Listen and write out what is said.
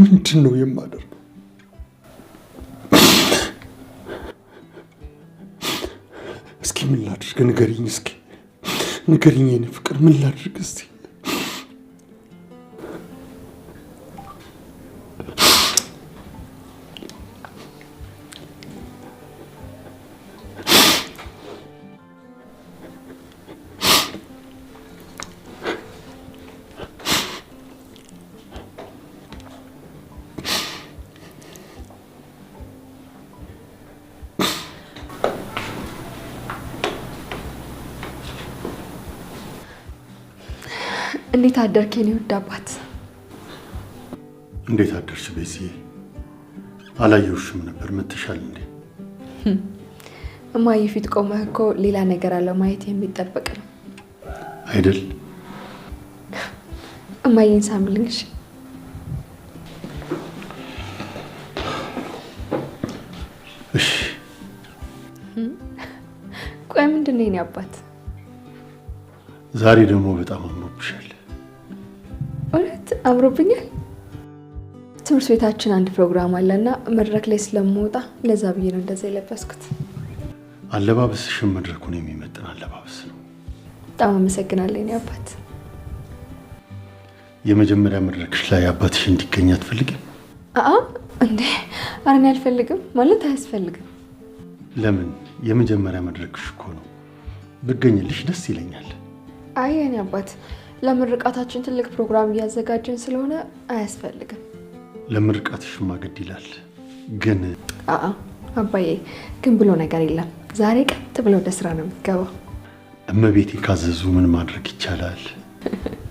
ምንድን ነው የማደርገው? እስኪ ምን ላድርግ ንገሪኝ። እስኪ ንገሪኝ የኔ ፍቅር ምን ላድርግ እስኪ እንዴት አደርክ የኔ ውድ አባት? እንዴት አደርሽ ቤዝዬ? አላየሁሽም ነበር። መተሻል እንዴ? እማዬ ፊት ቆመህ እኮ ሌላ ነገር አለው ማየት የሚጠበቅ ነው አይደል? እማዬን ሳምልኝ እሺ። ቆይ ምንድን ነው የኔ አባት? ዛሬ ደግሞ በጣም አምሮብሻል። አምሮብኛል። ትምህርት ቤታችን አንድ ፕሮግራም አለና መድረክ ላይ ስለምወጣ ለዛ ብዬ ነው እንደዛ የለበስኩት። አለባበስሽን መድረኩን የሚመጥን አለባበስ ነው። በጣም አመሰግናለሁ የኔ አባት። የመጀመሪያ መድረክሽ ላይ አባትሽ እንዲገኝ አትፈልግም? አ እንዴ! አረን አልፈልግም ማለት አያስፈልግም። ለምን? የመጀመሪያ መድረክሽ እኮ ነው። ብገኝልሽ ደስ ይለኛል። አይ የኔ አባት ለምርቃታችን ትልቅ ፕሮግራም እያዘጋጀን ስለሆነ አያስፈልግም። ለምርቃት ሽማግድ ይላል። ግን አባዬ ግን ብሎ ነገር የለም። ዛሬ ቀጥ ብለው ወደ ስራ ነው የምትገባው። እመቤቴ ካዘዙ ምን ማድረግ ይቻላል?